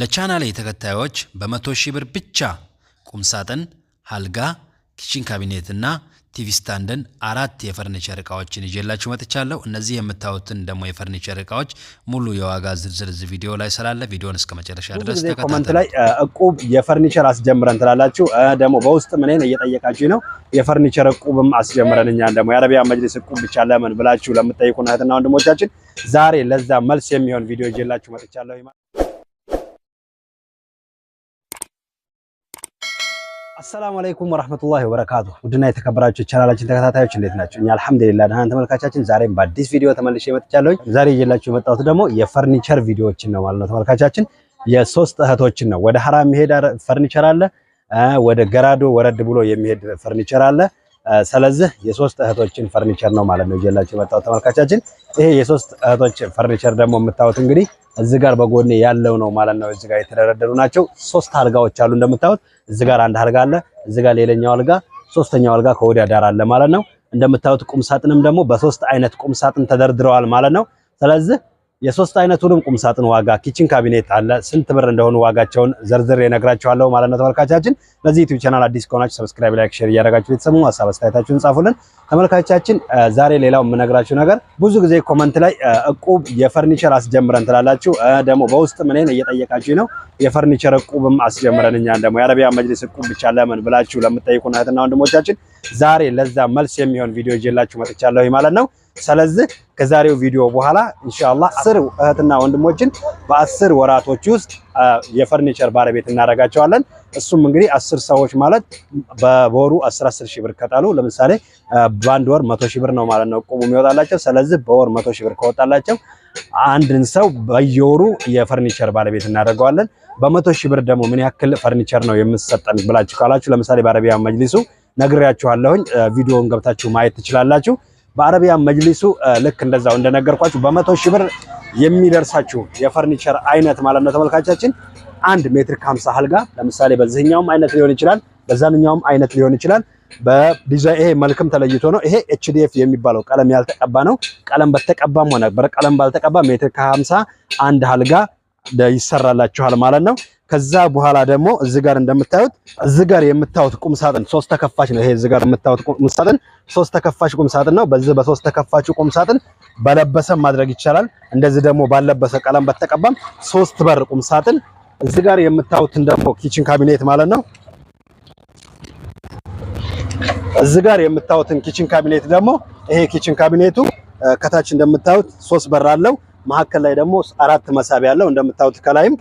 ለቻናሌ ተከታዮች በመቶ ሺህ ብር ብቻ ቁምሳጥን፣ አልጋ፣ ኪችን ካቢኔትና ቲቪ ስታንድን አራት የፈርኒቸር እቃዎችን ይዤላችሁ መጥቻለሁ። እነዚህ የምታዩትን ደግሞ የፈርኒቸር እቃዎች ሙሉ የዋጋ ዝርዝር እዚህ ቪዲዮ ላይ ስላለ ቪዲዮን እስከ መጨረሻ ድረስ ኮመንት ላይ እቁብ የፈርኒቸር አስጀምረን ትላላችሁ። ደግሞ በውስጥ ምንን እየጠየቃችሁ ነው። የፈርኒቸር እቁብም አስጀምረን እኛን ደግሞ የአረቢያ መጅሊስ እቁብ ብቻ ለምን ብላችሁ ለምትጠይቁ እህትና ወንድሞቻችን ዛሬ ለዛ መልስ የሚሆን ቪዲዮ ይዤላችሁ መጥቻለሁ። አሰላሙ አለይኩም ወራህመቱላሂ ወበረካቱ። ውድና የተከበራችሁ ቻናላችን ተከታታዮች እንዴት ናቸው? እኛ አልሐምዱሊላህ ደህና። ተመልካቻችን ዛሬም በአዲስ ቪዲዮ ተመልሼ መጥቻለሁ። ዛሬ እየላችሁ የመጣሁት ደግሞ የፈርኒቸር ቪዲዮዎችን ነው ማለት ነው። ተመልካቻችን የሶስት እህቶችን ነው። ወደ ሀራ የሚሄድ ፈርኒቸር አለ፣ ወደ ገራዶ ወረድ ብሎ የሚሄድ ፈርኒቸር አለ፣ ስለዚህ የሶስት እህቶችን ፈርኒቸር ነው ማለት ነው ይዤላችሁ የመጣሁት ተመልካቻችን። ይሄ የሶስት እህቶች ፈርኒቸር ደግሞ የምታዩት እንግዲህ እዚህ ጋር በጎኔ ያለው ነው ማለት ነው። እዚህ ጋር የተደረደሩ ናቸው። ሶስት አልጋዎች አሉ እንደምታዩት። እዚህ ጋር አንድ አልጋ አለ፣ እዚህ ጋር ሌላኛው አልጋ፣ ሶስተኛው አልጋ ከወዲያ ዳር አለ ማለት ነው። እንደምታዩት ቁም ሳጥንም ደግሞ በሶስት አይነት ቁም ሳጥን ተደርድረዋል ማለት ነው። ስለዚህ የሶስት አይነቱንም ቁም ሳጥን ዋጋ ኪችን ካቢኔት አለ። ስንት ብር እንደሆኑ ዋጋቸውን ዝርዝር እነግራችኋለሁ ማለት ነው። ተመልካቻችን ለዚህ ዩቲዩብ ቻናል አዲስ ከሆናችሁ ሰብስክራይብ፣ ላይክ፣ ሼር እያደረጋችሁ ቤተሰሙ ሀሳብ አስተያየታችሁን ጻፉልን። ተመልካቻችን ዛሬ ሌላው የምነግራችሁ ነገር ብዙ ጊዜ ኮመንት ላይ እቁብ የፈርኒቸር አስጀምረን ትላላችሁ። ደግሞ በውስጥ እኔን እየጠየቃችሁ ነው። የፈርኒቸር እቁብም አስጀምረን እኛን ደግሞ የአረቢያ መጅሊስ እቁብ ብቻ ለምን ብላችሁ ለምትጠይቁን እህትና ወንድሞቻችን ዛሬ ለዛ መልስ የሚሆን ቪዲዮ ይዤላችሁ መጥቻለሁ ማለት ነው። ስለዚህ ከዛሬው ቪዲዮ በኋላ ኢንሻአላህ አስር እህትና ወንድሞችን በአስር ወራቶች ውስጥ የፈርኒቸር ባለቤት እናደርጋቸዋለን። እሱም እንግዲህ አስር ሰዎች ማለት በወሩ 110 ሺህ ብር ከጣሉ ለምሳሌ በአንድ ወር መቶ ሺህ ብር ነው ማለት ነው ዕቁቡ የሚወጣላቸው። ስለዚህ በወር መቶ ሺህ ብር ከወጣላቸው አንድን ሰው በየወሩ የፈርኒቸር ባለቤት እናደርገዋለን። በመቶ ሺህ ብር ደግሞ ምን ያክል ፈርኒቸር ነው የምሰጠን ብላችሁ ካላችሁ ለምሳሌ በአረቢያ መጅሊሱ ነግሬያችኋለሁኝ። ቪዲዮውን ገብታችሁ ማየት ትችላላችሁ። በአረቢያ መጅሊሱ ልክ እንደዛው እንደነገርኳችሁ በመቶ ሺህ ብር የሚደርሳችሁ የፈርኒቸር አይነት ማለት ነው ተመልካቻችን። አንድ ሜትር ከሀምሳ አልጋ ለምሳሌ በዚህኛውም አይነት ሊሆን ይችላል፣ በዛንኛውም አይነት ሊሆን ይችላል። በዲዛይን ይሄ መልክም ተለይቶ ነው። ይሄ ኤችዲኤፍ የሚባለው ቀለም ያልተቀባ ነው። ቀለም በተቀባም ሆነ ቀለም ባልተቀባ ሜትር ከሀምሳ አንድ አልጋ ይሰራላችኋል ማለት ነው። ከዛ በኋላ ደግሞ እዚህ ጋር እንደምታዩት እዚህ ጋር የምታዩት ቁም ሳጥን ሶስት ተከፋች ነው። ይሄ እዚህ ጋር የምታዩት ቁም ሳጥን ሶስት ተከፋች ቁም ሳጥን ነው። በዚህ በሶስት ተከፋች ቁም ሳጥን በለበሰ ማድረግ ይቻላል። እንደዚህ ደግሞ ባለበሰ ቀለም በተቀባም ሶስት በር ቁም ሳጥን እዚህ ጋር የምታዩትን ደግሞ ኪችን ካቢኔት ማለት ነው። እዚህ ጋር የምታዩትን ኪችን ካቢኔት ደግሞ ይሄ ኪችን ካቢኔቱ ከታች እንደምታዩት ሶስት በር አለው። መሀከል ላይ ደግሞ አራት መሳቢያ ያለው እንደምታዩት፣ ከላይም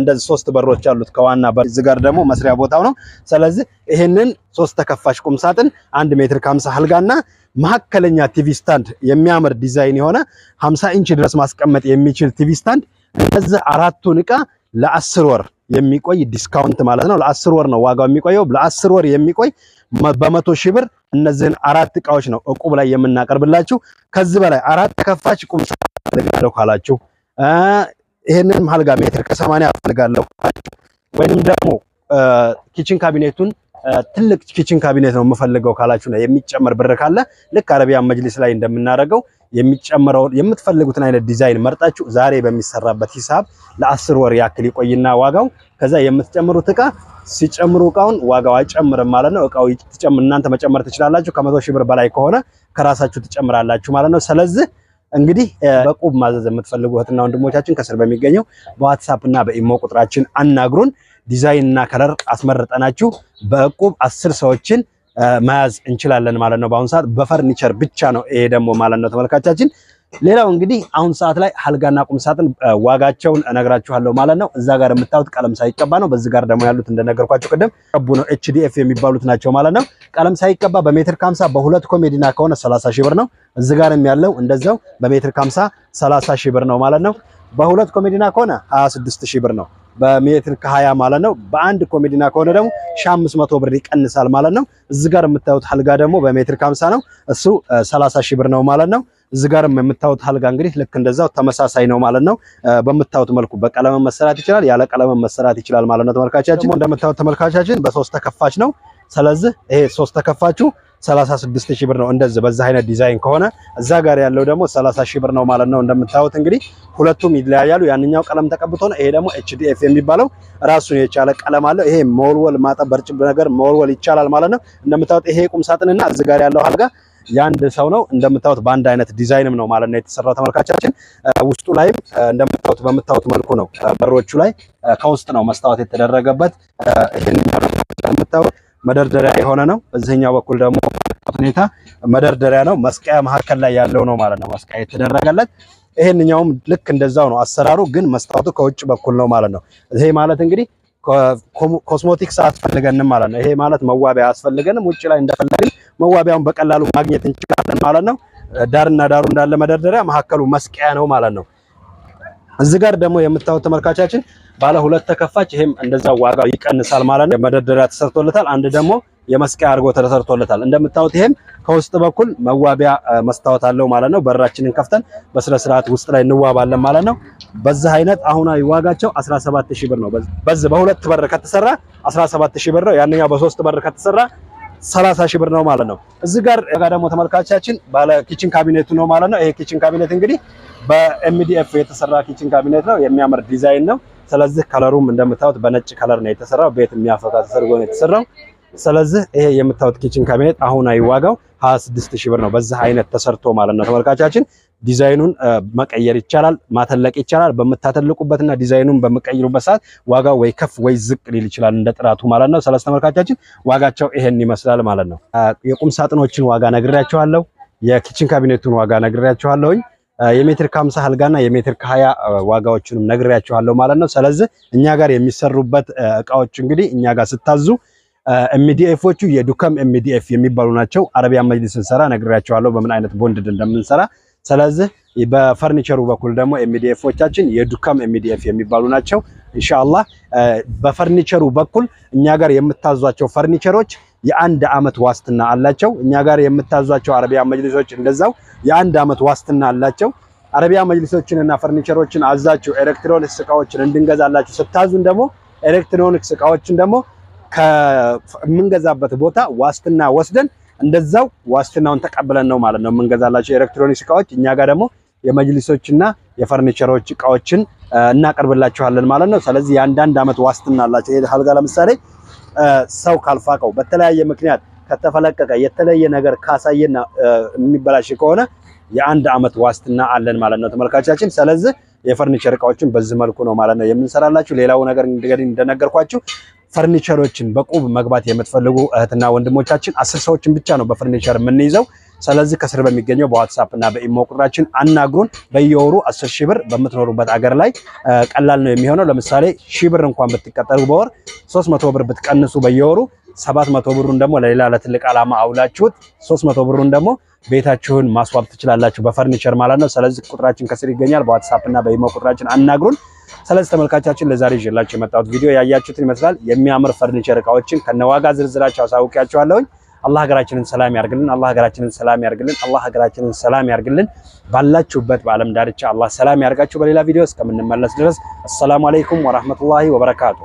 እንደዚህ ሶስት በሮች አሉት ከዋና በዚህ ጋር ደግሞ መስሪያ ቦታው ነው። ስለዚህ ይህንን ሶስት ተከፋሽ ቁም ሳጥን አንድ ሜትር ከ50 አልጋና መሀከለኛ ቲቪ ስታንድ የሚያምር ዲዛይን የሆነ 50 ኢንች ድረስ ማስቀመጥ የሚችል ቲቪ ስታንድ እነዚህ አራቱን እቃ ለአስር ወር የሚቆይ ዲስካውንት ማለት ነው። ለአስር ወር ነው ዋጋው የሚቆየው። ለአስር ወር የሚቆይ በመቶ ሺህ ብር እነዚህን አራት እቃዎች ነው እቁብ ላይ የምናቀርብላችሁ። ከዚህ በላይ አራት ተከፋች ቁም ፈልጋለሁ ካላችሁ ይሄንን መሀል ሜትር ከሰማንያ ፈልጋለሁ ካላችሁ ወይንም ደግሞ ኪችን ካቢኔቱን ትልቅ ኪችን ካቢኔት ነው የምፈልገው ካላችሁ ነው የሚጨመር ብር ካለ ልክ አረቢያን መጅሊስ ላይ እንደምናደርገው የሚጨምረውን የምትፈልጉትን አይነት ዲዛይን መርጣችሁ ዛሬ በሚሰራበት ሂሳብ ለአስር ወር ያክል ይቆይና ዋጋው ከዛ የምትጨምሩት እቃ ሲጨምሩ እቃውን ዋጋው አይጨምርም ማለት ነው። እቃው እናንተ መጨመር ትችላላችሁ። ከመቶ ሺህ ብር በላይ ከሆነ ከራሳችሁ ትጨምራላችሁ ማለት ነው። ስለዚህ እንግዲህ በቁብ ማዘዝ የምትፈልጉ እህትና ወንድሞቻችን ከስር በሚገኘው በዋትሳፕ እና በኢሞ ቁጥራችን አናግሩን። ዲዛይን እና ከለር አስመርጠናችሁ በቁብ አስር ሰዎችን መያዝ እንችላለን ማለት ነው። በአሁኑ ሰዓት በፈርኒቸር ብቻ ነው ይሄ ደግሞ ማለት ነው ተመልካቻችን ሌላው እንግዲህ አሁን ሰዓት ላይ አልጋና ቁም ሳጥን ዋጋቸውን አለው ማለት ነው። እዛ ጋር የምታዩት ቀለም ሳይቀባ ነው። በዚህ ጋር ደግሞ ያሉት እንደነገርኳቸው ቅድም ቀቡ ነው ኤችዲኤፍ የሚባሉት ናቸው ማለት ነው። ቀለም ሳይቀባ በሜትር ከሀምሳ በሁለት ኮሜዲና ከሆነ 30 ሺህ ብር ነው። እዚህ ጋርም ያለው እንደዛው በሜትር ከሀምሳ 30 ሺህ ብር ነው ማለት ነው። በሁለት ኮሜዲና ከሆነ 26 ሺህ ብር ነው በሜትር 20 ማለት ነው። በአንድ ኮሜዲና ከሆነ ደግሞ 500 ብር ይቀንሳል ማለት ነው። እዚህ ጋር የምታዩት አልጋ ደግሞ በሜትር ከሀምሳ ነው። እሱ 30 ሺህ ብር ነው ማለት ነው። እዚህ ጋርም የምታዩት አልጋ እንግዲህ ልክ እንደዛው ተመሳሳይ ነው ማለት ነው። በምታዩት መልኩ በቀለም መሰራት ይችላል፣ ያለ ቀለም መሰራት ይችላል ማለት ነው። ተመልካቻችን እንደምታዩት ተመልካቻችን በሶስት ተከፋች ነው። ስለዚህ ይሄ ሶስት ተከፋቹ 36 ሺህ ብር ነው። እንደዚህ በዛ አይነት ዲዛይን ከሆነ እዛ ጋር ያለው ደግሞ 30 ሺህ ብር ነው ማለት ነው። እንደምታዩት እንግዲህ ሁለቱም ይለያያሉ። ያንኛው ቀለም ተቀብቶ ነው፣ ይሄ ደግሞ ኤችዲኤፍ የሚባለው ራሱን የቻለ ቀለም አለው። ይሄ መወልወል ማጠብ በርጭብ ነገር መወልወል ይቻላል ማለት ነው። እንደምታዩት ይሄ ቁም ሳጥንና እዚህ ጋር ያለው አልጋ የአንድ ሰው ነው። እንደምታዩት በአንድ አይነት ዲዛይንም ነው ማለት ነው የተሰራው ተመልካቻችን። ውስጡ ላይም እንደምታዩት በምታዩት መልኩ ነው። በሮቹ ላይ ከውስጥ ነው መስታወት የተደረገበት። እንደምታዩት መደርደሪያ የሆነ ነው። በዚህኛው በኩል ደግሞ ሁኔታ መደርደሪያ ነው። መስቀያ መካከል ላይ ያለው ነው ማለት ነው መስቀያ የተደረገለት። ይሄንኛውም ልክ እንደዛው ነው አሰራሩ፣ ግን መስታወቱ ከውጭ በኩል ነው ማለት ነው። ይሄ ማለት እንግዲህ ኮስሞቲክስ አስፈልገንም ማለት ነው። ይሄ ማለት መዋቢያ አስፈልገንም ውጭ ላይ እንደፈለግን መዋቢያውን በቀላሉ ማግኘት እንችላለን ማለት ነው። ዳርና ዳሩ እንዳለ መደርደሪያ፣ መካከሉ መስቀያ ነው ማለት ነው። እዚህ ጋር ደግሞ የምታዩት ተመልካቻችን ባለ ሁለት ተከፋች፣ ይሄም እንደዛ ዋጋው ይቀንሳል ማለት ነው። መደርደሪያ ተሰርቶለታል። አንድ ደግሞ የመስቀያ አድርጎ ተሰርቶለታል እንደምታዩት ይሄም ከውስጥ በኩል መዋቢያ መስታወት አለው ማለት ነው። በራችንን ከፍተን በስነ ስርዓት ውስጥ ላይ እንዋባለን ማለት ነው። በዚህ አይነት አሁናዊ ዋጋቸው 17000 ብር ነው። በዚህ በሁለት በር ከተሰራ 17000 ብር ነው። ያንኛው በሶስት በር ከተሰራ 30000 ብር ነው ማለት ነው። እዚህ ጋር ደግሞ ተመልካቻችን ባለ ኪችን ካቢኔቱ ነው ማለት ነው። ይሄ ኪችን ካቢኔት እንግዲህ በኤምዲኤፍ የተሰራ ኪችን ካቢኔት ነው። የሚያምር ዲዛይን ነው። ስለዚህ ከለሩም እንደምታዩት በነጭ ከለር ነው የተሰራው። ቤት የሚያፈካ ተሰርጎ ነው የተሰራው። ስለዚህ ይሄ የምታዩት ኪችን ካቢኔት አሁናዊ ዋጋው 26000 ብር ነው። በዚህ አይነት ተሰርቶ ማለት ነው ተመልካቻችን። ዲዛይኑን መቀየር ይቻላል፣ ማተለቅ ይቻላል። በምታተልቁበትና ዲዛይኑን በምቀይሩበት ሰዓት ዋጋው ወይ ከፍ ወይ ዝቅ ሊል ይችላል እንደ ጥራቱ ማለት ነው። ስለዚህ ተመልካቻችን ዋጋቸው ይሄን ይመስላል ማለት ነው። የቁም ሳጥኖችን ዋጋ ነግሬያቸዋለሁ። የኪችን ካቢኔቱን ዋጋ ነግሬያቸዋለሁኝ። የሜትር ከ50 አልጋና የሜትር ከ20 ዋጋዎቹንም ነግሬያቸዋለሁ ማለት ነው። ስለዚህ እኛ ጋር የሚሰሩበት እቃዎች እንግዲህ እኛ ጋር ስታዙ ኤምዲኤፎቹ የዱከም ኤምዲኤፍ የሚባሉ ናቸው። አረቢያን መጅሊስ ስንሰራ ነግሬያቸዋለሁ በምን አይነት ቦንድድ እንደምንሰራ። ስለዚህ በፈርኒቸሩ በኩል ደግሞ ኤምዲኤፎቻችን የዱከም ኤምዲኤፍ የሚባሉ ናቸው። ኢንሻአላህ በፈርኒቸሩ በኩል እኛ ጋር የምታዟቸው ፈርኒቸሮች የአንድ አመት ዋስትና አላቸው። እኛ ጋር የምታዟቸው አረቢያን መጅሊሶች እንደዛው የአንድ አመት ዋስትና አላቸው። አረቢያ መጅሊሶችን እና ፈርኒቸሮችን አዛችሁ ኤሌክትሮኒክስ እቃዎችን እንድንገዛላችሁ ስታዙን ደግሞ ኤሌክትሮኒክስ እቃዎችን ደግሞ ከምንገዛበት ቦታ ዋስትና ወስደን እንደዛው ዋስትናውን ተቀብለን ነው ማለት ነው የምንገዛላቸው የኤሌክትሮኒክስ እቃዎች። እኛ ጋር ደግሞ የመጅሊሶችና የፈርኒቸሮች እቃዎችን እናቀርብላችኋለን ማለት ነው። ስለዚህ የአንዳንድ ዓመት ዋስትና አላቸው። ይሄ አልጋ ለምሳሌ ሰው ካልፋቀው በተለያየ ምክንያት ከተፈለቀቀ የተለየ ነገር ካሳየና የሚበላሽ ከሆነ የአንድ ዓመት ዋስትና አለን ማለት ነው ተመልካቻችን። ስለዚህ የፈርኒቸር እቃዎችን በዚህ መልኩ ነው ማለት ነው የምንሰራላችሁ። ሌላው ነገር እንደነገርኳችሁ ፈርኒቸሮችን በቁብ መግባት የምትፈልጉ እህትና ወንድሞቻችን አስር ሰዎችን ብቻ ነው በፈርኒቸር የምንይዘው። ስለዚህ ከስር በሚገኘው በዋትሳፕ እና በኢሞ ቁጥራችን አናግሩን። በየወሩ አስር ሺህ ብር በምትኖሩበት አገር ላይ ቀላል ነው የሚሆነው። ለምሳሌ ሺህ ብር እንኳን ብትቀጠሩ በወር ሶስት መቶ ብር ብትቀንሱ በየወሩ ሰባት መቶ ብሩን ደግሞ ለሌላ ለትልቅ ዓላማ አውላችሁት ሶስት መቶ ብሩን ደግሞ ቤታችሁን ማስዋብ ትችላላችሁ በፈርኒቸር ማለት ነው። ስለዚህ ቁጥራችን ከስር ይገኛል። በዋትሳፕ እና በኢሞ ቁጥራችን አናግሩን። ስለዚህ ተመልካቻችን ለዛሬ ይዤላችሁ የመጣሁት ቪዲዮ ያያችሁትን ይመስላል። የሚያምር ፈርኒቸር እቃዎችን ከነዋጋ ዝርዝራቸው አሳውቂያችኋለሁኝ። አላህ ሀገራችንን ሰላም ያርግልን። አላህ ሀገራችንን ሰላም ያርግልን። አላህ ሀገራችንን ሰላም ያርግልን። ባላችሁበት በአለም ዳርቻ አላህ ሰላም ያርጋችሁ። በሌላ ቪዲዮ እስከምንመለስ ድረስ አሰላሙ አለይኩም ወራህመቱላሂ ወበረካቱ።